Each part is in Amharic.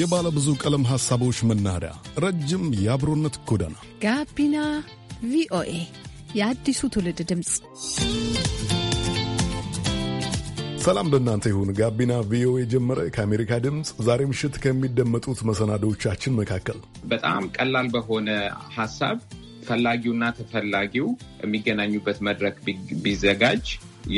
የባለ ብዙ ቀለም ሐሳቦች መናኸሪያ፣ ረጅም የአብሮነት ጎዳና ጋቢና ቪኦኤ የአዲሱ ትውልድ ድምፅ። ሰላም ለእናንተ ይሁን። ጋቢና ቪኦኤ ጀመረ። ከአሜሪካ ድምፅ ዛሬ ምሽት ከሚደመጡት መሰናዶዎቻችን መካከል በጣም ቀላል በሆነ ሐሳብ ፈላጊውና ተፈላጊው የሚገናኙበት መድረክ ቢዘጋጅ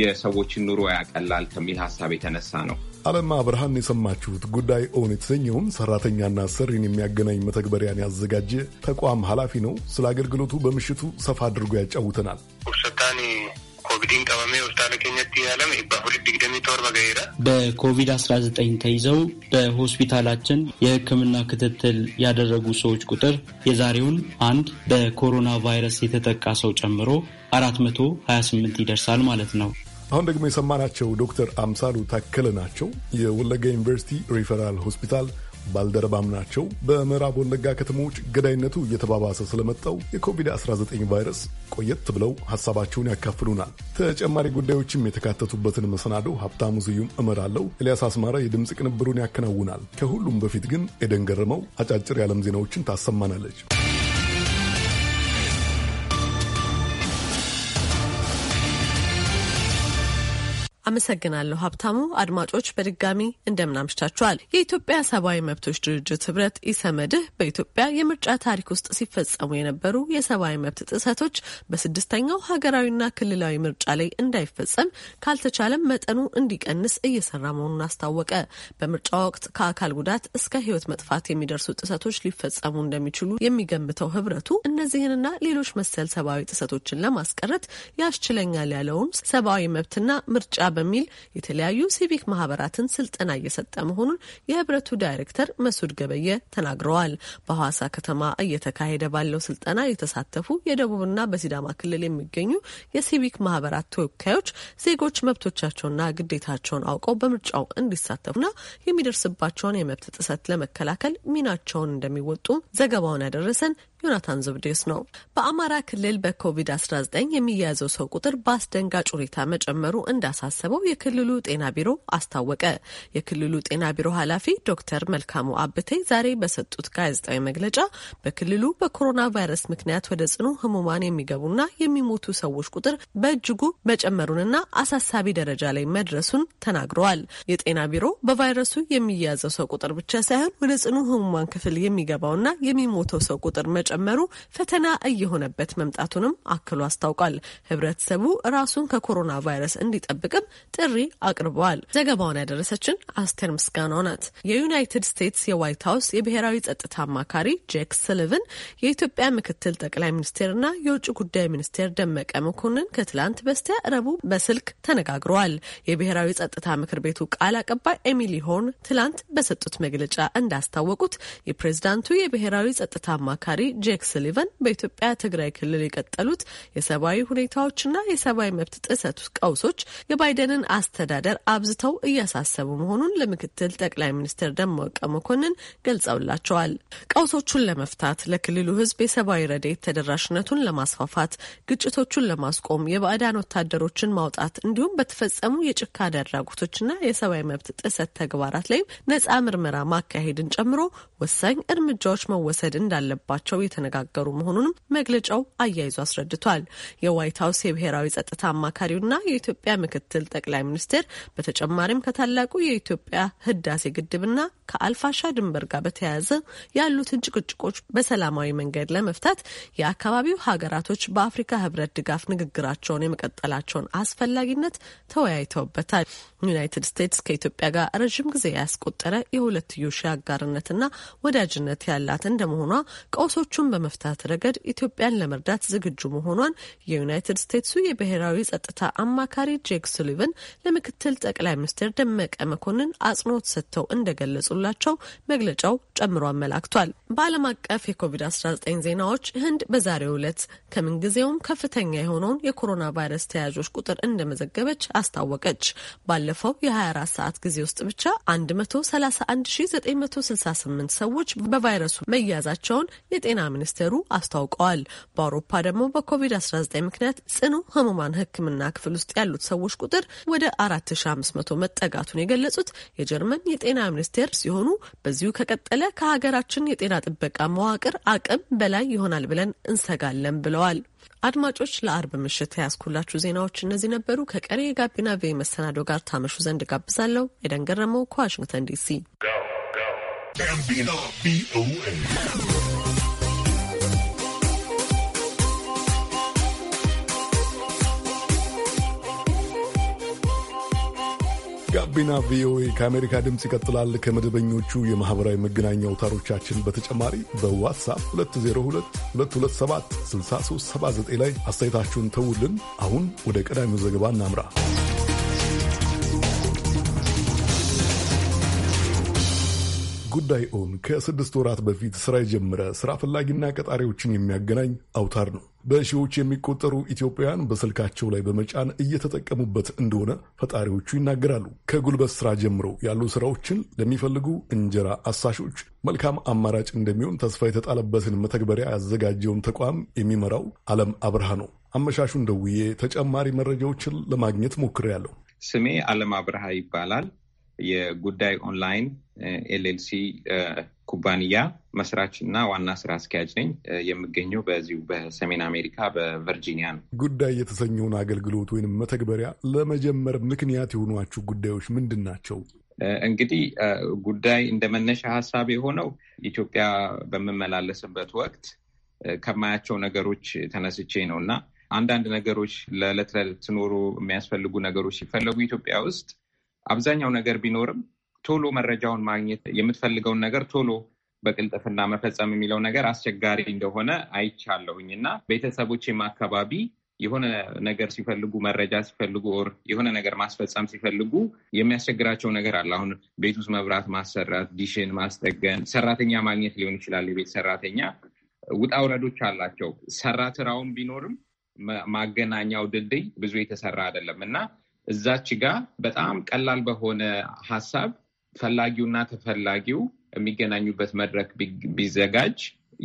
የሰዎችን ኑሮ ያቀላል ከሚል ሐሳብ የተነሳ ነው። አለማ ብርሃን የሰማችሁት ጉዳይ ኦን የተሰኘውን ሰራተኛና ሰሪን የሚያገናኝ መተግበሪያን ያዘጋጀ ተቋም ኃላፊ ነው። ስለ አገልግሎቱ በምሽቱ ሰፋ አድርጎ ያጫውተናል። በኮቪድ-19 ተይዘው በሆስፒታላችን የሕክምና ክትትል ያደረጉ ሰዎች ቁጥር የዛሬውን አንድ በኮሮና ቫይረስ የተጠቃ ሰው ጨምሮ 428 ይደርሳል ማለት ነው። አሁን ደግሞ የሰማናቸው ዶክተር አምሳሉ ታከለ ናቸው። የወለጋ ዩኒቨርሲቲ ሪፈራል ሆስፒታል ባልደረባም ናቸው። በምዕራብ ወለጋ ከተሞች ገዳይነቱ እየተባባሰ ስለመጣው የኮቪድ-19 ቫይረስ ቆየት ብለው ሀሳባቸውን ያካፍሉናል። ተጨማሪ ጉዳዮችም የተካተቱበትን መሰናዶ ሀብታሙ ስዩም እመራለሁ። ኤልያስ አስማረ የድምፅ ቅንብሩን ያከናውናል። ከሁሉም በፊት ግን ኤደን ገረመው አጫጭር የዓለም ዜናዎችን ታሰማናለች። አመሰግናለሁ ሀብታሙ። አድማጮች በድጋሚ እንደምናምሽታችኋል። የኢትዮጵያ ሰብአዊ መብቶች ድርጅት ህብረት ኢሰመድህ በኢትዮጵያ የምርጫ ታሪክ ውስጥ ሲፈጸሙ የነበሩ የሰብአዊ መብት ጥሰቶች በስድስተኛው ሀገራዊና ክልላዊ ምርጫ ላይ እንዳይፈጸም ካልተቻለም መጠኑ እንዲቀንስ እየሰራ መሆኑን አስታወቀ። በምርጫ ወቅት ከአካል ጉዳት እስከ ህይወት መጥፋት የሚደርሱ ጥሰቶች ሊፈጸሙ እንደሚችሉ የሚገምተው ህብረቱ እነዚህንና ሌሎች መሰል ሰብአዊ ጥሰቶችን ለማስቀረት ያስችለኛል ያለውን ሰብአዊ መብትና ምርጫ በሚል የተለያዩ ሲቪክ ማህበራትን ስልጠና እየሰጠ መሆኑን የህብረቱ ዳይሬክተር መሱድ ገበየ ተናግረዋል። በሐዋሳ ከተማ እየተካሄደ ባለው ስልጠና የተሳተፉ የደቡብና በሲዳማ ክልል የሚገኙ የሲቪክ ማህበራት ተወካዮች ዜጎች መብቶቻቸውና ግዴታቸውን አውቀው በምርጫው እንዲሳተፉና የሚደርስባቸውን የመብት ጥሰት ለመከላከል ሚናቸውን እንደሚወጡ ዘገባውን ያደረሰን ዮናታን ዘብዴስ ነው። በአማራ ክልል በኮቪድ-19 የሚያያዘው ሰው ቁጥር በአስደንጋጭ ሁኔታ መጨመሩ እንዳሳሰበው የክልሉ ጤና ቢሮ አስታወቀ። የክልሉ ጤና ቢሮ ኃላፊ ዶክተር መልካሙ አብቴ ዛሬ በሰጡት ጋዜጣዊ መግለጫ በክልሉ በኮሮና ቫይረስ ምክንያት ወደ ጽኑ ህሙማን የሚገቡና የሚሞቱ ሰዎች ቁጥር በእጅጉ መጨመሩንና አሳሳቢ ደረጃ ላይ መድረሱን ተናግረዋል። የጤና ቢሮ በቫይረሱ የሚያዘው ሰው ቁጥር ብቻ ሳይሆን ወደ ጽኑ ህሙማን ክፍል የሚገባውና የሚሞተው ሰው ቁጥር መጨ በመጨመሩ ፈተና እየሆነበት መምጣቱንም አክሎ አስታውቋል። ህብረተሰቡ ራሱን ከኮሮና ቫይረስ እንዲጠብቅም ጥሪ አቅርበዋል። ዘገባውን ያደረሰችን አስቴር ምስጋናው ናት። የዩናይትድ ስቴትስ የዋይት ሀውስ የብሔራዊ ጸጥታ አማካሪ ጄክ ስልቭን የኢትዮጵያ ምክትል ጠቅላይ ሚኒስቴርና የውጭ ጉዳይ ሚኒስቴር ደመቀ መኮንን ከትላንት በስቲያ ረቡዕ በስልክ ተነጋግረዋል። የብሔራዊ ጸጥታ ምክር ቤቱ ቃል አቀባይ ኤሚሊ ሆርን ትላንት በሰጡት መግለጫ እንዳስታወቁት የፕሬዝዳንቱ የብሔራዊ ጸጥታ አማካሪ ጄክ ስሊቨን በኢትዮጵያ ትግራይ ክልል የቀጠሉት የሰብአዊ ሁኔታዎችና የሰብአዊ መብት ጥሰት ቀውሶች የባይደንን አስተዳደር አብዝተው እያሳሰቡ መሆኑን ለምክትል ጠቅላይ ሚኒስትር ደመቀ መኮንን ገልጸውላቸዋል። ቀውሶቹን ለመፍታት ለክልሉ ህዝብ የሰብአዊ ረዴት ተደራሽነቱን ለማስፋፋት፣ ግጭቶቹን ለማስቆም፣ የባዕዳን ወታደሮችን ማውጣት እንዲሁም በተፈጸሙ የጭካ አድራጎቶችና የሰብአዊ መብት ጥሰት ተግባራት ላይም ነጻ ምርመራ ማካሄድን ጨምሮ ወሳኝ እርምጃዎች መወሰድ እንዳለባቸው የተነጋገሩ መሆኑንም መግለጫው አያይዞ አስረድቷል። የዋይት ሀውስ የብሔራዊ ጸጥታ አማካሪውና የኢትዮጵያ ምክትል ጠቅላይ ሚኒስቴር በተጨማሪም ከታላቁ የኢትዮጵያ ህዳሴ ግድብና ከአልፋሻ ድንበር ጋር በተያያዘ ያሉትን ጭቅጭቆች በሰላማዊ መንገድ ለመፍታት የአካባቢው ሀገራቶች በአፍሪካ ህብረት ድጋፍ ንግግራቸውን የመቀጠላቸውን አስፈላጊነት ተወያይተውበታል። ዩናይትድ ስቴትስ ከኢትዮጵያ ጋር ረዥም ጊዜ ያስቆጠረ የሁለትዮሽ አጋርነትና ወዳጅነት ያላት እንደመሆኗ ቀውሶች ችግሮቹን በመፍታት ረገድ ኢትዮጵያን ለመርዳት ዝግጁ መሆኗን የዩናይትድ ስቴትሱ የብሔራዊ ጸጥታ አማካሪ ጄክ ሱሊቨን ለምክትል ጠቅላይ ሚኒስትር ደመቀ መኮንን አጽንኦት ሰጥተው እንደገለጹላቸው መግለጫው ጨምሮ አመላክቷል። በዓለም አቀፍ የኮቪድ-19 ዜናዎች ህንድ በዛሬው ዕለት ከምንጊዜውም ከፍተኛ የሆነውን የኮሮና ቫይረስ ተያዦች ቁጥር እንደመዘገበች አስታወቀች። ባለፈው የ24 ሰዓት ጊዜ ውስጥ ብቻ 131968 ሰዎች በቫይረሱ መያዛቸውን የጤና ሚኒስቴሩ አስታውቀዋል። በአውሮፓ ደግሞ በኮቪድ-19 ምክንያት ጽኑ ህሙማን ሕክምና ክፍል ውስጥ ያሉት ሰዎች ቁጥር ወደ 4500 መጠጋቱን የገለጹት የጀርመን የጤና ሚኒስቴር ሲሆኑ በዚሁ ከቀጠለ ከሀገራችን የጤና ጥበቃ መዋቅር አቅም በላይ ይሆናል ብለን እንሰጋለን ብለዋል። አድማጮች ለአርብ ምሽት ያስኩላችሁ ዜናዎች እነዚህ ነበሩ። ከቀሪ የጋቢና ቪ መሰናዶ ጋር ታመሹ ዘንድ ጋብዛለሁ። የደንገረመው ገረመው ከዋሽንግተን ዲሲ ጋቢና ቪኦኤ ከአሜሪካ ድምፅ ይቀጥላል። ከመደበኞቹ የማኅበራዊ መገናኛ አውታሮቻችን በተጨማሪ በዋትሳፕ 2022276379 ላይ አስተያየታችሁን ተውልን። አሁን ወደ ቀዳሚው ዘገባ እናምራ። ጉዳይ ኦን ከስድስት ወራት በፊት ስራ የጀመረ ስራ ፈላጊና ቀጣሪዎችን የሚያገናኝ አውታር ነው። በሺዎች የሚቆጠሩ ኢትዮጵያውያን በስልካቸው ላይ በመጫን እየተጠቀሙበት እንደሆነ ፈጣሪዎቹ ይናገራሉ። ከጉልበት ስራ ጀምሮ ያሉ ስራዎችን ለሚፈልጉ እንጀራ አሳሾች መልካም አማራጭ እንደሚሆን ተስፋ የተጣለበትን መተግበሪያ ያዘጋጀውን ተቋም የሚመራው አለም አብርሃ ነው። አመሻሹን ደውዬ ተጨማሪ መረጃዎችን ለማግኘት ሞክሬያለሁ። ስሜ አለም አብርሃ ይባላል። የጉዳይ ኦንላይን ኤልኤልሲ ኩባንያ መስራች እና ዋና ስራ አስኪያጅ ነኝ። የምገኘው በዚሁ በሰሜን አሜሪካ በቨርጂኒያ ነው። ጉዳይ የተሰኘውን አገልግሎት ወይም መተግበሪያ ለመጀመር ምክንያት የሆኗችሁ ጉዳዮች ምንድን ናቸው? እንግዲህ ጉዳይ እንደ መነሻ ሀሳብ የሆነው ኢትዮጵያ በምመላለስበት ወቅት ከማያቸው ነገሮች ተነስቼ ነው እና አንዳንድ ነገሮች ለዕለት ለዕለት ኖሮ የሚያስፈልጉ ነገሮች ሲፈለጉ ኢትዮጵያ ውስጥ አብዛኛው ነገር ቢኖርም ቶሎ መረጃውን ማግኘት የምትፈልገውን ነገር ቶሎ በቅልጥፍና መፈጸም የሚለው ነገር አስቸጋሪ እንደሆነ አይቻለሁኝ እና ቤተሰቦቼም አካባቢ የሆነ ነገር ሲፈልጉ መረጃ ሲፈልጉ ኦር የሆነ ነገር ማስፈጸም ሲፈልጉ የሚያስቸግራቸው ነገር አለ። አሁን ቤት ውስጥ መብራት ማሰራት፣ ዲሽን ማስጠገን፣ ሰራተኛ ማግኘት ሊሆን ይችላል። የቤት ሰራተኛ ውጣ ውረዶች አላቸው። ሰራ ስራውን ቢኖርም ማገናኛው ድልድይ ብዙ የተሰራ አይደለም እና እዛች ጋር በጣም ቀላል በሆነ ሀሳብ ፈላጊውና ተፈላጊው የሚገናኙበት መድረክ ቢዘጋጅ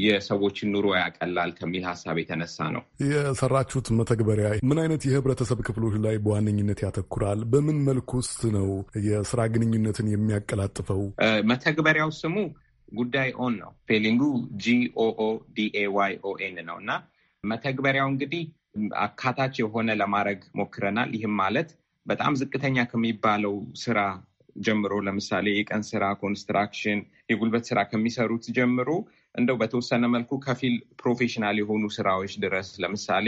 የሰዎችን ኑሮ ያቀላል ከሚል ሀሳብ የተነሳ ነው የሰራችሁት መተግበሪያ። ምን አይነት የህብረተሰብ ክፍሎች ላይ በዋነኝነት ያተኩራል? በምን መልኩ ውስጥ ነው የስራ ግንኙነትን የሚያቀላጥፈው? መተግበሪያው ስሙ ጉዳይ ኦን ነው። ፔሊንጉ ጂኦኦ ዲኤዋይ ኦኤን ነው እና መተግበሪያው እንግዲህ አካታች የሆነ ለማድረግ ሞክረናል። ይህም ማለት በጣም ዝቅተኛ ከሚባለው ስራ ጀምሮ ለምሳሌ የቀን ስራ፣ ኮንስትራክሽን፣ የጉልበት ስራ ከሚሰሩት ጀምሮ እንደው በተወሰነ መልኩ ከፊል ፕሮፌሽናል የሆኑ ስራዎች ድረስ ለምሳሌ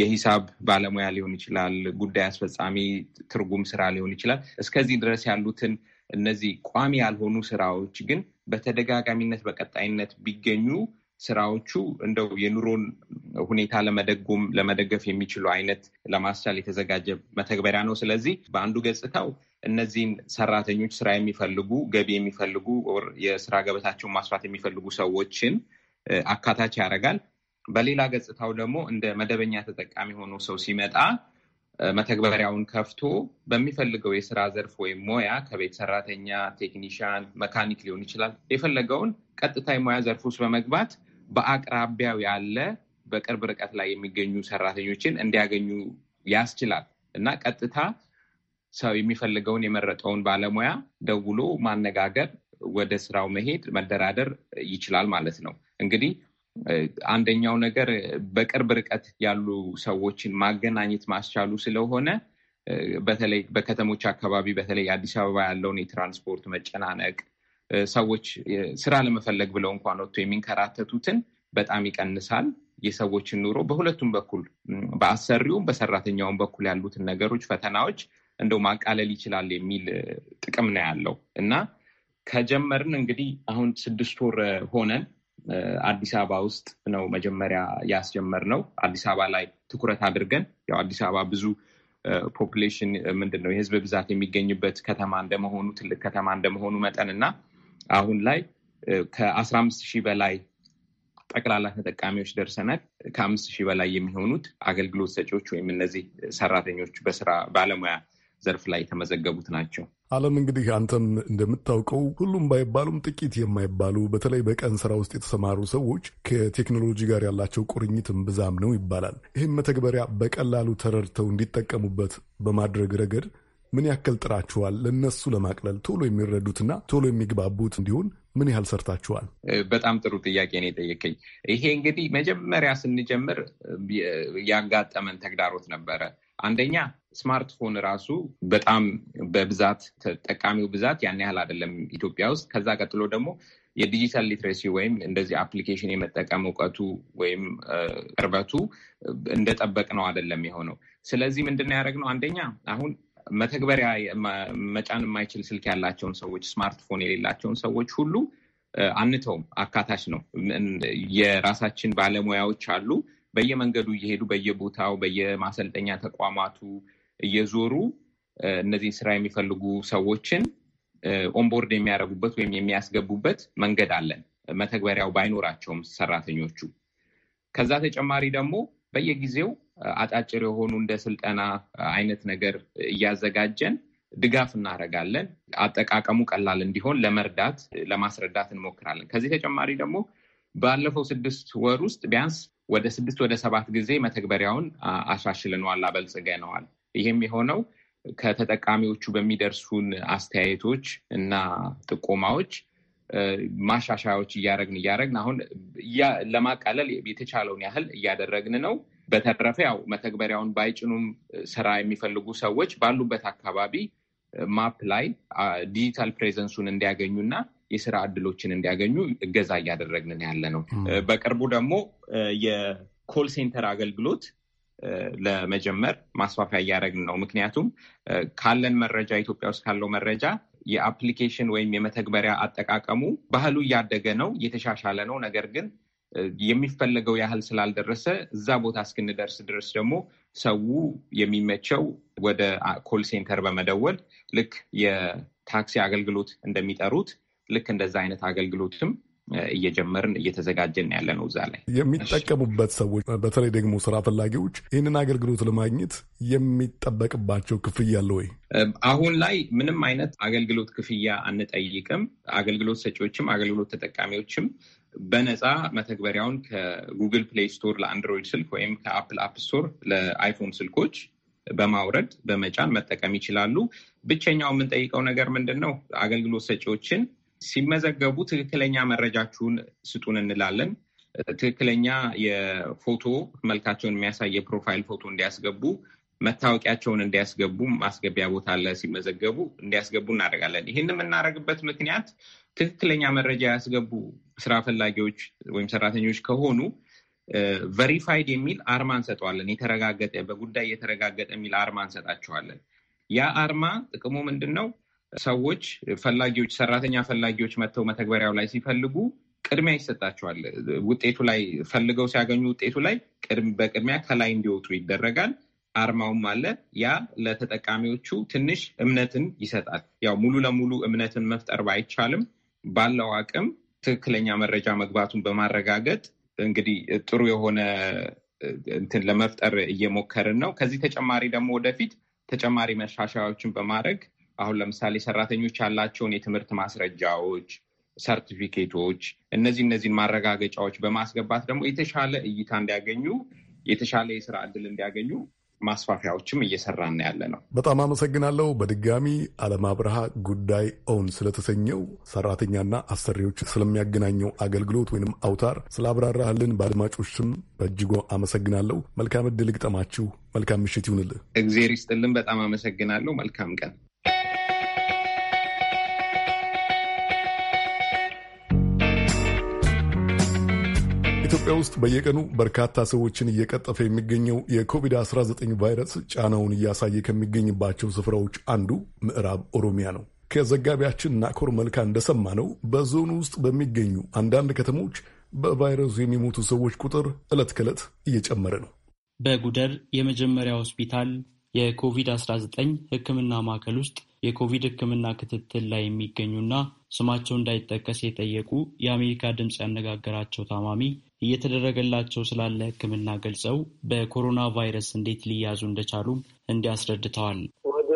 የሂሳብ ባለሙያ ሊሆን ይችላል፣ ጉዳይ አስፈጻሚ፣ ትርጉም ስራ ሊሆን ይችላል። እስከዚህ ድረስ ያሉትን እነዚህ ቋሚ ያልሆኑ ስራዎች ግን በተደጋጋሚነት በቀጣይነት ቢገኙ ስራዎቹ እንደው የኑሮን ሁኔታ ለመደጎም ለመደገፍ የሚችሉ አይነት ለማስቻል የተዘጋጀ መተግበሪያ ነው። ስለዚህ በአንዱ ገጽታው እነዚህን ሰራተኞች ስራ የሚፈልጉ ገቢ የሚፈልጉ የስራ ገበታቸውን ማስፋት የሚፈልጉ ሰዎችን አካታች ያደርጋል። በሌላ ገጽታው ደግሞ እንደ መደበኛ ተጠቃሚ ሆኖ ሰው ሲመጣ መተግበሪያውን ከፍቶ በሚፈልገው የስራ ዘርፍ ወይም ሙያ ከቤት ሰራተኛ፣ ቴክኒሽያን፣ መካኒክ ሊሆን ይችላል የፈለገውን ቀጥታ የሙያ ዘርፍ ውስጥ በመግባት በአቅራቢያው ያለ በቅርብ ርቀት ላይ የሚገኙ ሰራተኞችን እንዲያገኙ ያስችላል እና ቀጥታ ሰው የሚፈልገውን የመረጠውን ባለሙያ ደውሎ ማነጋገር፣ ወደ ስራው መሄድ፣ መደራደር ይችላል ማለት ነው። እንግዲህ አንደኛው ነገር በቅርብ ርቀት ያሉ ሰዎችን ማገናኘት ማስቻሉ ስለሆነ በተለይ በከተሞች አካባቢ በተለይ አዲስ አበባ ያለውን የትራንስፖርት መጨናነቅ ሰዎች ስራ ለመፈለግ ብለው እንኳን ወጥቶ የሚንከራተቱትን በጣም ይቀንሳል። የሰዎችን ኑሮ በሁለቱም በኩል በአሰሪውም በሰራተኛውም በኩል ያሉትን ነገሮች፣ ፈተናዎች እንደው ማቃለል ይችላል የሚል ጥቅም ነው ያለው እና ከጀመርን እንግዲህ አሁን ስድስት ወር ሆነን አዲስ አበባ ውስጥ ነው መጀመሪያ ነው። አዲስ አበባ ላይ ትኩረት አድርገን ያው አዲስ አበባ ብዙ ፖፕሌሽን ምንድን ነው የህዝብ ብዛት የሚገኝበት ከተማ እንደመሆኑ ትልቅ ከተማ እንደመሆኑ መጠን እና አሁን ላይ ከአስራ አምስት ሺህ በላይ ጠቅላላ ተጠቃሚዎች ደርሰናል። ከአምስት ሺህ በላይ የሚሆኑት አገልግሎት ሰጪዎች ወይም እነዚህ ሰራተኞች በስራ ባለሙያ ዘርፍ ላይ የተመዘገቡት ናቸው። አለም እንግዲህ አንተም እንደምታውቀው ሁሉም ባይባሉም ጥቂት የማይባሉ በተለይ በቀን ስራ ውስጥ የተሰማሩ ሰዎች ከቴክኖሎጂ ጋር ያላቸው ቁርኝት እምብዛም ነው ይባላል። ይህም መተግበሪያ በቀላሉ ተረድተው እንዲጠቀሙበት በማድረግ ረገድ ምን ያክል ጥራችኋል? ለነሱ ለማቅለል ቶሎ የሚረዱትና ቶሎ የሚግባቡት እንዲሆን ምን ያህል ሰርታችኋል? በጣም ጥሩ ጥያቄ ነው የጠየቀኝ። ይሄ እንግዲህ መጀመሪያ ስንጀምር ያጋጠመን ተግዳሮት ነበረ። አንደኛ ስማርትፎን ራሱ በጣም በብዛት ተጠቃሚው ብዛት ያን ያህል አይደለም ኢትዮጵያ ውስጥ። ከዛ ቀጥሎ ደግሞ የዲጂታል ሊትሬሲ ወይም እንደዚህ አፕሊኬሽን የመጠቀም እውቀቱ ወይም ቅርበቱ እንደጠበቅ ነው አይደለም የሆነው። ስለዚህ ምንድን ነው ያደረግነው? አንደኛ አሁን መተግበሪያ መጫን የማይችል ስልክ ያላቸውን ሰዎች፣ ስማርትፎን የሌላቸውን ሰዎች ሁሉ አንተውም። አካታች ነው። የራሳችን ባለሙያዎች አሉ። በየመንገዱ እየሄዱ በየቦታው በየማሰልጠኛ ተቋማቱ እየዞሩ እነዚህ ስራ የሚፈልጉ ሰዎችን ኦንቦርድ የሚያደርጉበት ወይም የሚያስገቡበት መንገድ አለን። መተግበሪያው ባይኖራቸውም ሰራተኞቹ ከዛ ተጨማሪ ደግሞ በየጊዜው አጫጭር የሆኑ እንደ ስልጠና አይነት ነገር እያዘጋጀን ድጋፍ እናደርጋለን። አጠቃቀሙ ቀላል እንዲሆን ለመርዳት ለማስረዳት እንሞክራለን። ከዚህ ተጨማሪ ደግሞ ባለፈው ስድስት ወር ውስጥ ቢያንስ ወደ ስድስት ወደ ሰባት ጊዜ መተግበሪያውን አሻሽለነዋል፣ አበልጽገነዋል። ይህም የሆነው ከተጠቃሚዎቹ በሚደርሱን አስተያየቶች እና ጥቆማዎች ማሻሻያዎች እያደረግን እያደረግን አሁን ለማቃለል የተቻለውን ያህል እያደረግን ነው። በተረፈ ያው መተግበሪያውን ባይጭኑም ስራ የሚፈልጉ ሰዎች ባሉበት አካባቢ ማፕ ላይ ዲጂታል ፕሬዘንሱን እንዲያገኙና የስራ እድሎችን እንዲያገኙ እገዛ እያደረግን ያለ ነው። በቅርቡ ደግሞ የኮል ሴንተር አገልግሎት ለመጀመር ማስፋፊያ እያደረግን ነው። ምክንያቱም ካለን መረጃ ኢትዮጵያ ውስጥ ካለው መረጃ የአፕሊኬሽን ወይም የመተግበሪያ አጠቃቀሙ ባህሉ እያደገ ነው፣ እየተሻሻለ ነው። ነገር ግን የሚፈለገው ያህል ስላልደረሰ እዛ ቦታ እስክንደርስ ድረስ ደግሞ ሰው የሚመቸው ወደ ኮል ሴንተር በመደወል ልክ የታክሲ አገልግሎት እንደሚጠሩት ልክ እንደዛ አይነት አገልግሎትም እየጀመርን እየተዘጋጀን ያለ ነው። እዛ ላይ የሚጠቀሙበት ሰዎች በተለይ ደግሞ ስራ ፈላጊዎች ይህንን አገልግሎት ለማግኘት የሚጠበቅባቸው ክፍያ አለ ወይ? አሁን ላይ ምንም አይነት አገልግሎት ክፍያ አንጠይቅም። አገልግሎት ሰጪዎችም አገልግሎት ተጠቃሚዎችም በነፃ መተግበሪያውን ከጉግል ፕሌይ ስቶር ለአንድሮይድ ስልክ ወይም ከአፕል አፕ ስቶር ለአይፎን ስልኮች በማውረድ በመጫን መጠቀም ይችላሉ። ብቸኛው የምንጠይቀው ነገር ምንድን ነው? አገልግሎት ሰጪዎችን ሲመዘገቡ ትክክለኛ መረጃችሁን ስጡን እንላለን። ትክክለኛ የፎቶ መልካቸውን የሚያሳይ የፕሮፋይል ፎቶ እንዲያስገቡ፣ መታወቂያቸውን እንዲያስገቡ ማስገቢያ ቦታ አለ፣ ሲመዘገቡ እንዲያስገቡ እናደርጋለን። ይህን የምናደርግበት ምክንያት ትክክለኛ መረጃ ያስገቡ ስራ ፈላጊዎች ወይም ሰራተኞች ከሆኑ ቨሪፋይድ የሚል አርማ እንሰጠዋለን። የተረጋገጠ በጉዳይ የተረጋገጠ የሚል አርማ እንሰጣቸዋለን። ያ አርማ ጥቅሙ ምንድን ነው? ሰዎች ፈላጊዎች፣ ሰራተኛ ፈላጊዎች መጥተው መተግበሪያው ላይ ሲፈልጉ ቅድሚያ ይሰጣቸዋል። ውጤቱ ላይ ፈልገው ሲያገኙ ውጤቱ ላይ በቅድሚያ ከላይ እንዲወጡ ይደረጋል። አርማውም አለ። ያ ለተጠቃሚዎቹ ትንሽ እምነትን ይሰጣል። ያው ሙሉ ለሙሉ እምነትን መፍጠር ባይቻልም ባለው አቅም ትክክለኛ መረጃ መግባቱን በማረጋገጥ እንግዲህ ጥሩ የሆነ እንትን ለመፍጠር እየሞከርን ነው። ከዚህ ተጨማሪ ደግሞ ወደፊት ተጨማሪ መሻሻያዎችን በማድረግ አሁን ለምሳሌ ሰራተኞች ያላቸውን የትምህርት ማስረጃዎች፣ ሰርቲፊኬቶች እነዚህ እነዚህን ማረጋገጫዎች በማስገባት ደግሞ የተሻለ እይታ እንዲያገኙ የተሻለ የስራ እድል እንዲያገኙ ማስፋፊያዎችም እየሰራን ያለ ነው። በጣም አመሰግናለሁ። በድጋሚ አለም አብርሃ ጉዳይ ኦን ስለተሰኘው ሰራተኛና አሰሪዎች ስለሚያገናኘው አገልግሎት ወይንም አውታር ስላብራራህልን በአድማጮች በእጅጉ አመሰግናለሁ። መልካም እድል ግጠማችሁ። መልካም ምሽት ይሁንልህ። እግዜር ይስጥልን። በጣም አመሰግናለሁ። መልካም ቀን ኢትዮጵያ ውስጥ በየቀኑ በርካታ ሰዎችን እየቀጠፈ የሚገኘው የኮቪድ-19 ቫይረስ ጫናውን እያሳየ ከሚገኝባቸው ስፍራዎች አንዱ ምዕራብ ኦሮሚያ ነው። ከዘጋቢያችን ናኮር መልካ ነው በዞኑ ውስጥ በሚገኙ አንዳንድ ከተሞች በቫይረሱ የሚሞቱ ሰዎች ቁጥር ዕለት ከዕለት እየጨመረ ነው። በጉደር የመጀመሪያ ሆስፒታል የኮቪድ-19 ሕክምና ማዕከል ውስጥ የኮቪድ ሕክምና ክትትል ላይ የሚገኙና ስማቸው እንዳይጠቀስ የጠየቁ የአሜሪካ ድምፅ ያነጋገራቸው ታማሚ እየተደረገላቸው ስላለ ሕክምና ገልጸው በኮሮና ቫይረስ እንዴት ሊያዙ እንደቻሉም እንዲህ አስረድተዋል። ወደ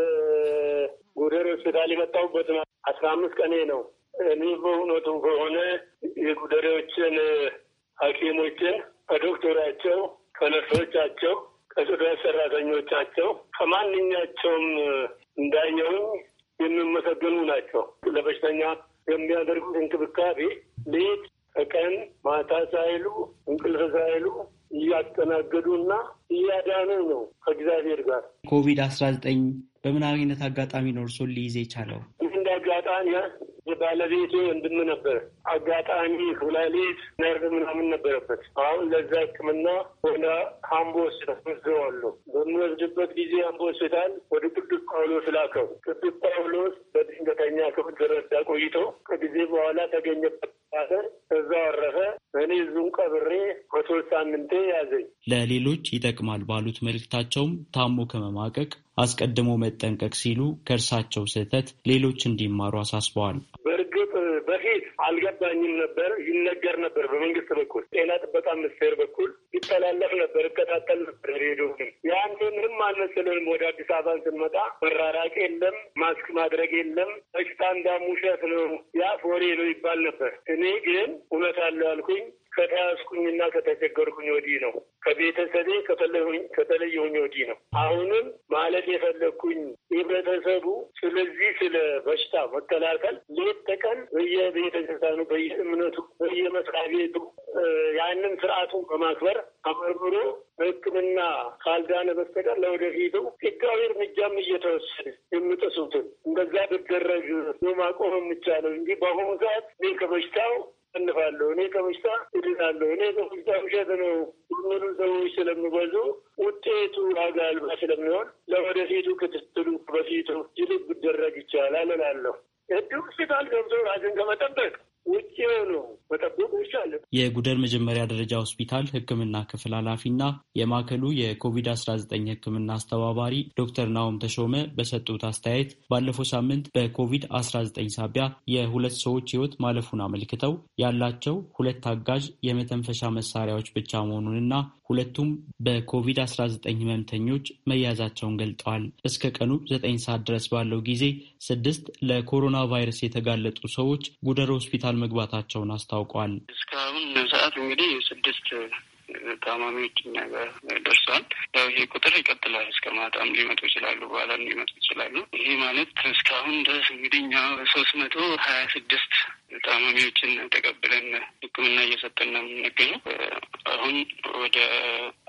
ጉደር ሆስፒታል የመጣሁበት አስራ አምስት ቀኔ ነው። እኔ በእውነቱ ከሆነ የጉደሬዎችን ሐኪሞችን ከዶክተራቸው፣ ከነርሶቻቸው፣ ከጽዳት ሰራተኞቻቸው ከማንኛቸውም እንዳየውኝ የሚመሰገኑ ናቸው። ለበሽተኛ የሚያደርጉት እንክብካቤ ሳይሉ እንቅልፍ ሳይሉ እያስተናገዱና እያዳኑ ነው ከእግዚአብሔር ጋር። ኮቪድ አስራ ዘጠኝ በምን አይነት አጋጣሚ ነው እርሶ ሊይዝ የቻለው? እንደ አጋጣሚ ባለቤቱ ወንድም ነበር። አጋጣሚ ኩላሊት ነርቭ ምናምን ነበረበት። አሁን ለዛ ሕክምና ወደ ሀምቦ ሆስፒታል ወስደዋለሁ። በምወስድበት ጊዜ አምቦ ሆስፒታል ወደ ቅዱስ ጳውሎስ ላከው። ቅዱስ ጳውሎስ በድንገተኛ ክፍል ተረዳ ቆይቶ ከጊዜ በኋላ ተገኘበት። እዛ አረፈ። እኔ እዙን ቀብሬ በሶስት ሳምንቴ ያዘኝ። ለሌሎች ይጠቅማል ባሉት መልእክታቸውም ታሞ ከመማቀቅ አስቀድሞ መጠንቀቅ ሲሉ ከእርሳቸው ስህተት ሌሎች እንዲማሩ አሳስበዋል። በእርግጥ በፊት አልገባኝም ነበር። ይነገር ነበር በመንግስት በኩል ጤና ጥበቃ ሚኒስቴር በኩል ይተላለፍ ነበር፣ እከታተል ነበር ሬዲዮ። ግን ያኔ ምንም አልመሰለንም። ወደ አዲስ አበባ ስንመጣ መራራቅ የለም፣ ማስክ ማድረግ የለም፣ በሽታ እንዳሙሸት ነው፣ ያፍ ወሬ ነው ይባል ነበር። እኔ ግን እውነት አለ አልኩኝ። ከተያዝኩኝና ከተቸገርኩኝ ወዲህ ነው። ከቤተሰቤ ከተለየሁኝ ወዲህ ነው። አሁንም ማለት የፈለግኩኝ ህብረተሰቡ ስለዚህ ስለ በሽታ መከላከል ሌት ተቀን በየቤተክርስቲያኑ፣ በየእምነቱ፣ በየመስሪያ ቤቱ ያንን ስርዓቱን በማክበር አመርምሮ በሕክምና ካልዳነ በስተቀር ለወደፊቱ ሕጋዊ እርምጃም እየተወሰደ የምጥሱትን እንደዛ ብደረግ ማቆም የምቻለው እንጂ በአሁኑ ሰዓት እኔ ከበሽታው እንፋለሁ፣ እኔ ከበሽታ እድናለሁ፣ እኔ ከበሽታ ውሸት ነው የሚሉ ሰዎች ስለሚበዙ ውጤቱ ዋጋ አልባ ስለሚሆን ለወደፊቱ ክትትሉ በፊቱ ይልቅ ቢደረግ ይቻላል እላለሁ። ህድ ሆስፒታል ገብቶ ራስን ከመጠበቅ ውጭ የሆኑ መጠበቁ ይቻላል። የጉደር መጀመሪያ ደረጃ ሆስፒታል ሕክምና ክፍል ኃላፊና የማዕከሉ የኮቪድ አስራ ዘጠኝ ሕክምና አስተባባሪ ዶክተር ናሆም ተሾመ በሰጡት አስተያየት ባለፈው ሳምንት በኮቪድ አስራ ዘጠኝ ሳቢያ የሁለት ሰዎች ሕይወት ማለፉን አመልክተው ያላቸው ሁለት አጋዥ የመተንፈሻ መሳሪያዎች ብቻ መሆኑንና ሁለቱም በኮቪድ-19 ህመምተኞች መያዛቸውን ገልጠዋል። እስከ ቀኑ ዘጠኝ ሰዓት ድረስ ባለው ጊዜ ስድስት ለኮሮና ቫይረስ የተጋለጡ ሰዎች ጉደር ሆስፒታል መግባታቸውን አስታውቀዋል። አስታውቋል። እስካሁን ሰዓት እንግዲህ ስድስት ታማሚዎች እኛ ጋር ደርሰዋል። ያው ይሄ ቁጥር ይቀጥላል። እስከ ማታም ሊመጡ ይችላሉ፣ በኋላም ሊመጡ ይችላሉ። ይሄ ማለት እስካሁን ድረስ እንግዲህ እኛ ሶስት መቶ ሀያ ስድስት ታማሚዎችን ተቀብለን ሕክምና እየሰጠን ነው የምንገኘው። አሁን ወደ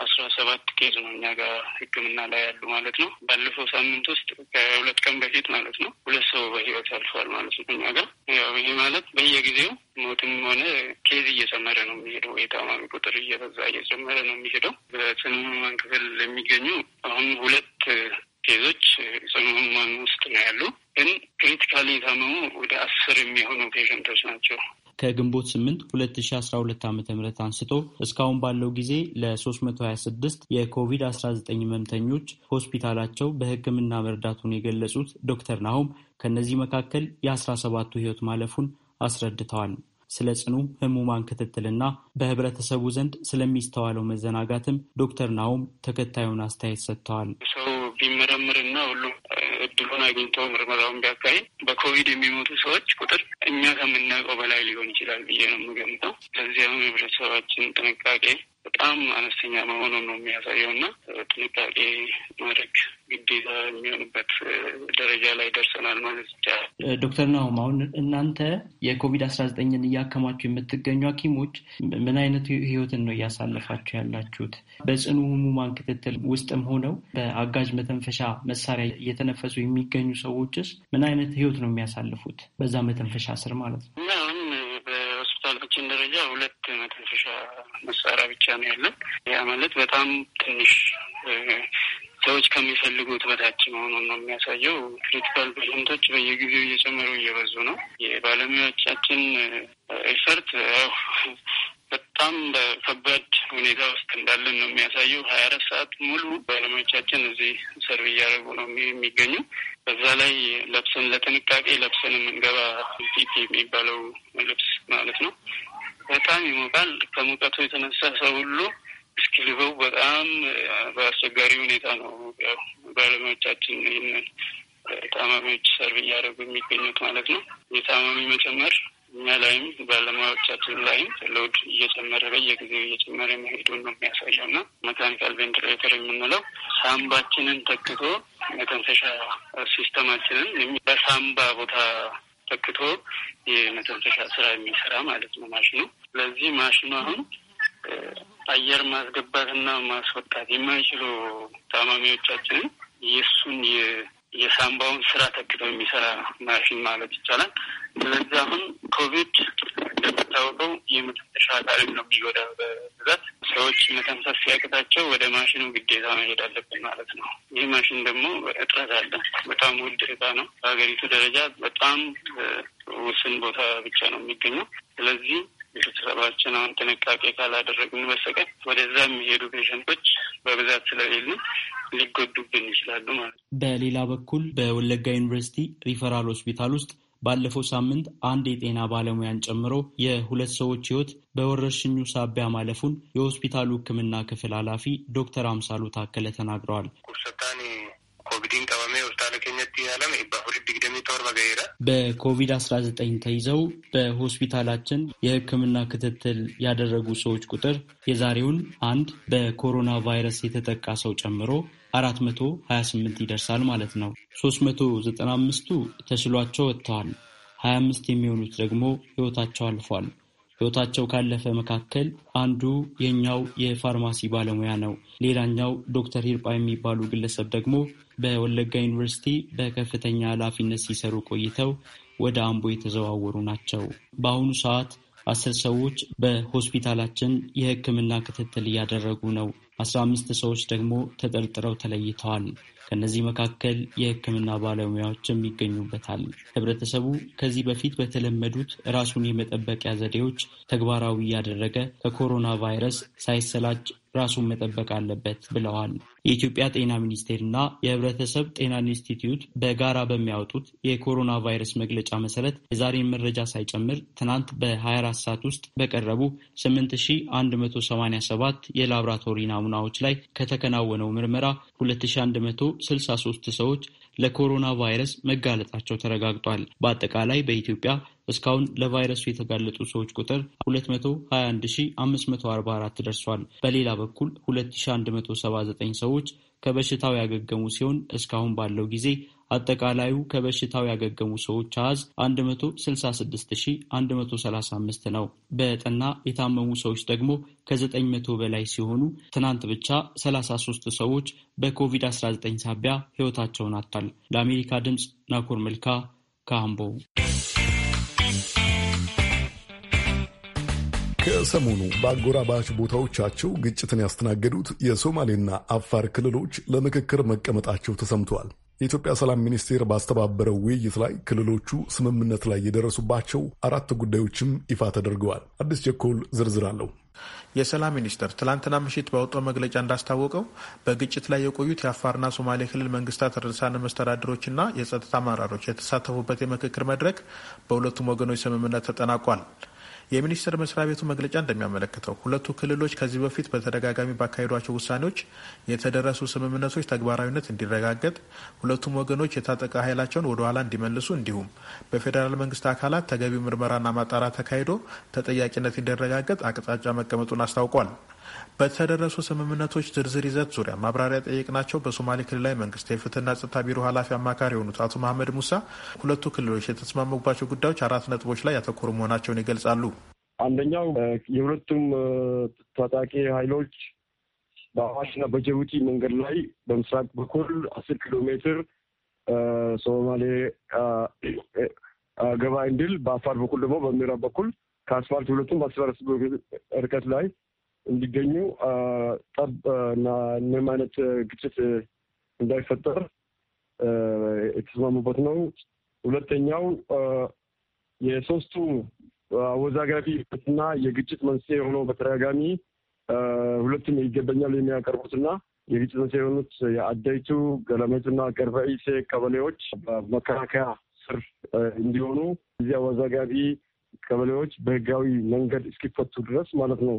አስራ ሰባት ኬዝ ነው እኛ ጋር ሕክምና ላይ ያሉ ማለት ነው። ባለፈው ሳምንት ውስጥ ከሁለት ቀን በፊት ማለት ነው ሁለት ሰው በህይወት አልፏል ማለት ነው እኛ ጋር። ያው ይህ ማለት በየጊዜው ሞትም ሆነ ኬዝ እየሰመረ ነው የሚሄደው። የታማሚ ቁጥር እየበዛ እየጨመረ ነው የሚሄደው። በጽኑ ክፍል የሚገኙ አሁን ሁለት ኬዞች ጽኑ ውስጥ ነው ያሉ ግን ክሪቲካሊ የታመሙ ወደ አስር የሚሆኑ ፔሸንቶች ናቸው። ከግንቦት 8 2012 ዓ ም አንስቶ እስካሁን ባለው ጊዜ ለ326 የኮቪድ-19 ህመምተኞች ሆስፒታላቸው በሕክምና መርዳቱን የገለጹት ዶክተር ናሆም ከእነዚህ መካከል የ17ቱ ህይወት ማለፉን አስረድተዋል። ስለ ጽኑ ህሙማን ክትትልና በህብረተሰቡ ዘንድ ስለሚስተዋለው መዘናጋትም ዶክተር ናሆም ተከታዩን አስተያየት ሰጥተዋል። ሰው እድሉን አግኝቶ ምርመራውን ቢያካሂድ በኮቪድ የሚሞቱ ሰዎች ቁጥር እኛ ከምናውቀው በላይ ሊሆን ይችላል ብዬ ነው የምገምተው። ለዚያም ህብረተሰባችን ጥንቃቄ በጣም አነስተኛ መሆኑን ነው የሚያሳየው እና ጥንቃቄ ማድረግ ግዴታ የሚሆንበት ደረጃ ላይ ደርሰናል ማለት ይቻላል። ዶክተር ናሁም አሁን እናንተ የኮቪድ አስራ ዘጠኝን እያከማችሁ የምትገኙ ሐኪሞች ምን አይነት ህይወትን ነው እያሳለፋችሁ ያላችሁት? በጽኑ ህሙማን ክትትል ውስጥም ሆነው በአጋዥ መተንፈሻ መሳሪያ እየተነፈሱ የሚገኙ ሰዎችስ ምን አይነት ህይወት ነው የሚያሳልፉት? በዛ መተንፈሻ ስር ማለት ነው። መሳሪያ ብቻ ነው ያለን። ያ ማለት በጣም ትንሽ ሰዎች ከሚፈልጉት በታች መሆኑን ነው የሚያሳየው። ክሪቲካል ፔሸንቶች በየጊዜው እየጨመሩ እየበዙ ነው። የባለሙያዎቻችን ኤፈርት በጣም በከባድ ሁኔታ ውስጥ እንዳለን ነው የሚያሳየው። ሀያ አራት ሰዓት ሙሉ ባለሙያዎቻችን እዚህ ሰርቭ እያደረጉ ነው የሚገኙ። በዛ ላይ ለብሰን ለጥንቃቄ ለብሰን የምንገባ ፒፒ የሚባለው ልብስ ማለት ነው በጣም ይሞቃል። ከሙቀቱ የተነሳ ሰው ሁሉ እስኪልበው በጣም በአስቸጋሪ ሁኔታ ነው ያው ባለሙያዎቻችን ይህንን ታማሚዎች ሰርብ እያደረጉ የሚገኙት ማለት ነው። የታማሚ መጨመር እኛ ላይም ባለሙያዎቻችን ላይም ሎድ እየጨመረ በየጊዜው እየጨመረ መሄዱን ነው የሚያሳየው እና መካኒካል ቬንትሬተር የምንለው ሳምባችንን ተክቶ መተንፈሻ ሲስተማችንን በሳምባ ቦታ ተክቶ የመተንፈሻ ስራ የሚሰራ ማለት ነው ማሽኑ። ስለዚህ ማሽኑ አሁን አየር ማስገባትና ማስወጣት የማይችሉ ታማሚዎቻችንን የእሱን የሳምባውን ስራ ተክቶ የሚሰራ ማሽን ማለት ይቻላል። ስለዚህ አሁን ኮቪድ እንደምታወቀው የመተንፈሻ አካልን ነው የሚጎዳ በብዛት ሰዎች መተንፈስ ሲያቅታቸው ወደ ማሽኑ ግዴታ መሄድ አለብን ማለት ነው። ይህ ማሽን ደግሞ እጥረት አለ። በጣም ውድ ዕቃ ነው። በሀገሪቱ ደረጃ በጣም ውስን ቦታ ብቻ ነው የሚገኘው። ስለዚህ ቤተሰባችን አሁን ጥንቃቄ ካላደረግን በስተቀር ወደዛ የሚሄዱ ፔሸንቶች በብዛት ስለሌሉ ሊጎዱብን ይችላሉ ማለት ነው። በሌላ በኩል በወለጋ ዩኒቨርሲቲ ሪፈራል ሆስፒታል ውስጥ ባለፈው ሳምንት አንድ የጤና ባለሙያን ጨምሮ የሁለት ሰዎች ሕይወት በወረርሽኙ ሳቢያ ማለፉን የሆስፒታሉ ሕክምና ክፍል ኃላፊ ዶክተር አምሳሉ ታከለ ተናግረዋል። ኮቪድን በኮቪድ 19 ተይዘው በሆስፒታላችን የሕክምና ክትትል ያደረጉ ሰዎች ቁጥር የዛሬውን አንድ በኮሮና ቫይረስ የተጠቃ ሰው ጨምሮ 428 ይደርሳል ማለት ነው። 395ቱ ተሽሏቸው ወጥተዋል። 25 የሚሆኑት ደግሞ ሕይወታቸው አልፏል። ሕይወታቸው ካለፈ መካከል አንዱ የኛው የፋርማሲ ባለሙያ ነው። ሌላኛው ዶክተር ሂርጳ የሚባሉ ግለሰብ ደግሞ በወለጋ ዩኒቨርሲቲ በከፍተኛ ኃላፊነት ሲሰሩ ቆይተው ወደ አምቦ የተዘዋወሩ ናቸው። በአሁኑ ሰዓት አስር ሰዎች በሆስፒታላችን የሕክምና ክትትል እያደረጉ ነው። አስራ አምስት ሰዎች ደግሞ ተጠርጥረው ተለይተዋል። ከእነዚህ መካከል የሕክምና ባለሙያዎችም ይገኙበታል። ህብረተሰቡ ከዚህ በፊት በተለመዱት ራሱን የመጠበቂያ ዘዴዎች ተግባራዊ እያደረገ ከኮሮና ቫይረስ ሳይሰላጭ ራሱን መጠበቅ አለበት ብለዋል። የኢትዮጵያ ጤና ሚኒስቴርና የህብረተሰብ ጤና ኢንስቲትዩት በጋራ በሚያወጡት የኮሮና ቫይረስ መግለጫ መሰረት የዛሬን መረጃ ሳይጨምር ትናንት በ24 ሰዓት ውስጥ በቀረቡ 8187 የላብራቶሪ ናሙናዎች ላይ ከተከናወነው ምርመራ 2163 ሰዎች ለኮሮና ቫይረስ መጋለጣቸው ተረጋግጧል። በአጠቃላይ በኢትዮጵያ እስካሁን ለቫይረሱ የተጋለጡ ሰዎች ቁጥር 221,544 ደርሷል። በሌላ በኩል 2179 ሰዎች ሰዎች ከበሽታው ያገገሙ ሲሆን እስካሁን ባለው ጊዜ አጠቃላዩ ከበሽታው ያገገሙ ሰዎች አሃዝ 166135 ነው። በጠና የታመሙ ሰዎች ደግሞ ከ900 በላይ ሲሆኑ ትናንት ብቻ 33 ሰዎች በኮቪድ-19 ሳቢያ ሕይወታቸውን አጥተዋል። ለአሜሪካ ድምፅ ናኮር መልካ ካምቦ ከሰሞኑ በአጎራባች ቦታዎቻቸው ግጭትን ያስተናገዱት የሶማሌና አፋር ክልሎች ለምክክር መቀመጣቸው ተሰምተዋል። የኢትዮጵያ ሰላም ሚኒስቴር ባስተባበረው ውይይት ላይ ክልሎቹ ስምምነት ላይ የደረሱባቸው አራት ጉዳዮችም ይፋ ተደርገዋል። አዲስ ቸኮል ዝርዝር አለው። የሰላም ሚኒስቴር ትላንትና ምሽት ባወጣው መግለጫ እንዳስታወቀው በግጭት ላይ የቆዩት የአፋርና ሶማሌ ክልል መንግስታት ርዕሳነ መስተዳድሮችና የጸጥታ አመራሮች የተሳተፉበት የምክክር መድረክ በሁለቱም ወገኖች ስምምነት ተጠናቋል። የሚኒስቴር መስሪያ ቤቱ መግለጫ እንደሚያመለክተው ሁለቱ ክልሎች ከዚህ በፊት በተደጋጋሚ ባካሄዷቸው ውሳኔዎች የተደረሱ ስምምነቶች ተግባራዊነት እንዲረጋገጥ፣ ሁለቱም ወገኖች የታጠቀ ኃይላቸውን ወደ ኋላ እንዲመልሱ፣ እንዲሁም በፌዴራል መንግስት አካላት ተገቢው ምርመራና ማጣራት ተካሂዶ ተጠያቂነት እንዲረጋገጥ አቅጣጫ መቀመጡን አስታውቋል። በተደረሱ ስምምነቶች ዝርዝር ይዘት ዙሪያ ማብራሪያ ጠየቅናቸው። በሶማሌ ክልላዊ መንግስት የፍትህና ጸጥታ ቢሮ ኃላፊ አማካሪ የሆኑት አቶ መሀመድ ሙሳ ሁለቱ ክልሎች የተስማሙባቸው ጉዳዮች አራት ነጥቦች ላይ ያተኮሩ መሆናቸውን ይገልጻሉ። አንደኛው የሁለቱም ታጣቂ ኃይሎች በአዋሽና በጀቡቲ መንገድ ላይ በምስራቅ በኩል አስር ኪሎ ሜትር ሶማሌ ገባ እንድል በአፋር በኩል ደግሞ በምዕራብ በኩል ከአስፋልት ሁለቱም በአስራ ርቀት ላይ እንዲገኙ ጠብ እና ምንም አይነት ግጭት እንዳይፈጠር የተስማሙበት ነው። ሁለተኛው የሶስቱ አወዛጋቢ አወዛጋቢና የግጭት መንስኤ የሆነው በተደጋጋሚ ሁለቱም ይገበኛል የሚያቀርቡትና የግጭት መንስኤ የሆኑት የአዳይቱ ገለመቱና ገርበ ቀበሌዎች በመከላከያ ስር እንዲሆኑ እዚህ አወዛጋቢ ቀበሌዎች በህጋዊ መንገድ እስኪፈቱ ድረስ ማለት ነው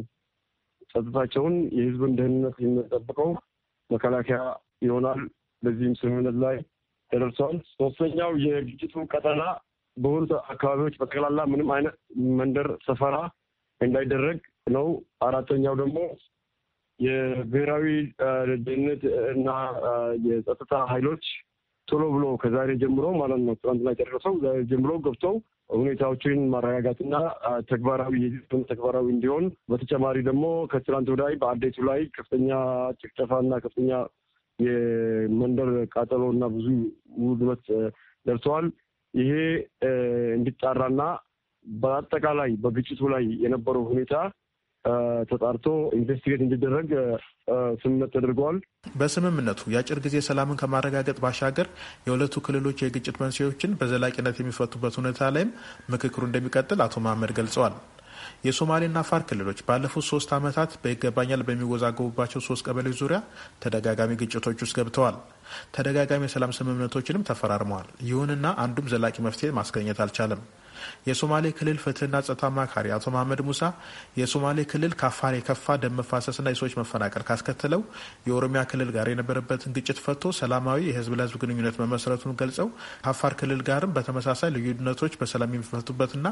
ጸጥታቸውን፣ የህዝብን ደህንነት የሚጠብቀው መከላከያ ይሆናል። በዚህም ስምምነት ላይ ተደርሰዋል። ሶስተኛው የግጭቱ ቀጠና በሁሉ አካባቢዎች በቀላላ ምንም አይነት መንደር ሰፈራ እንዳይደረግ ነው። አራተኛው ደግሞ የብሔራዊ ደህንነት እና የጸጥታ ኃይሎች ቶሎ ብሎ ከዛሬ ጀምሮ ማለት ነው ትናንትና ጨረሰው ጀምሮ ገብተው ሁኔታዎችን ማረጋጋትና ተግባራዊ የዚህም ተግባራዊ እንዲሆን በተጨማሪ ደግሞ ከትናንት ወዳይ በአዴቱ ላይ ከፍተኛ ጭፍጨፋና ከፍተኛ የመንደር ቃጠሎ እና ብዙ ውድመት ደርሰዋል። ይሄ እንዲጣራና በአጠቃላይ በግጭቱ ላይ የነበረው ሁኔታ ተጣርቶ ኢንቨስቲጌት እንዲደረግ ስምምነት ተደርገዋል። በስምምነቱ የአጭር ጊዜ ሰላምን ከማረጋገጥ ባሻገር የሁለቱ ክልሎች የግጭት መንስኤዎችን በዘላቂነት የሚፈቱበት ሁኔታ ላይም ምክክሩ እንደሚቀጥል አቶ መሀመድ ገልጸዋል። የሶማሌና አፋር ክልሎች ባለፉት ሶስት ዓመታት በይገባኛል በሚወዛገቡባቸው ሶስት ቀበሌዎች ዙሪያ ተደጋጋሚ ግጭቶች ውስጥ ገብተዋል። ተደጋጋሚ የሰላም ስምምነቶችንም ተፈራርመዋል። ይሁንና አንዱም ዘላቂ መፍትሄ ማስገኘት አልቻለም። የሶማሌ ክልል ፍትህና ጸጥታ አማካሪ አቶ መሀመድ ሙሳ የሶማሌ ክልል ከአፋር የከፋ ደም መፋሰስና የሰዎች መፈናቀል ካስከተለው የኦሮሚያ ክልል ጋር የነበረበትን ግጭት ፈቶ ሰላማዊ የህዝብ ለህዝብ ግንኙነት መመስረቱን ገልጸው ከአፋር ክልል ጋርም በተመሳሳይ ልዩነቶች በሰላም የሚፈቱበትና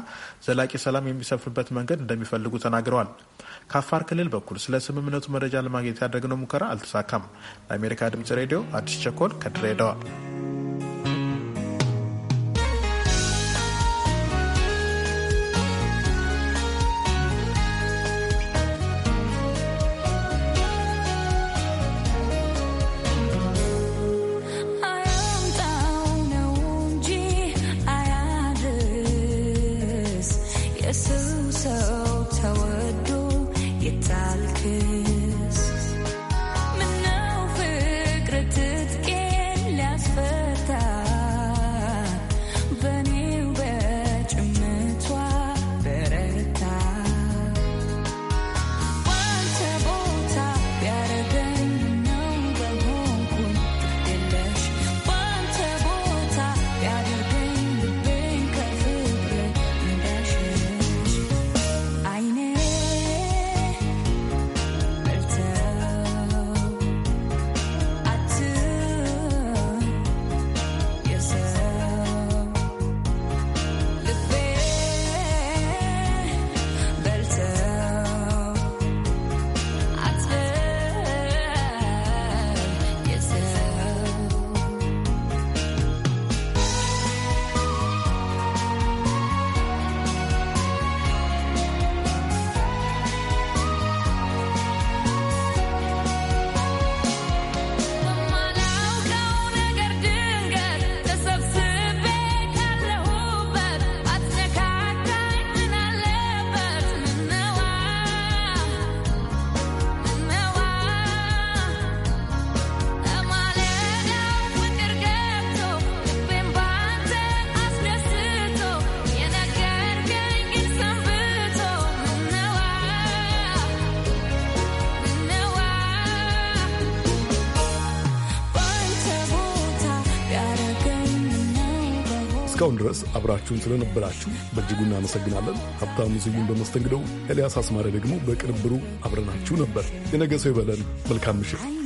ዘላቂ ሰላም የሚሰፍንበት መንገድ እንደሚፈልጉ ተናግረዋል። ከአፋር ክልል በኩል ስለ ስምምነቱ መረጃ ለማግኘት ያደረግነው ሙከራ አልተሳካም። ለአሜሪካ ድምጽ ሬዲዮ አዲስ ቸኮል ከድሬዳዋ እስካሁን ድረስ አብራችሁን ስለነበራችሁ በእጅጉ እናመሰግናለን። ሀብታሙ ስዩም በመስተንግደው፣ ኤልያስ አስማሪ ደግሞ በቅንብሩ አብረናችሁ ነበር። የነገ ሰው ይበለን። መልካም ምሽት።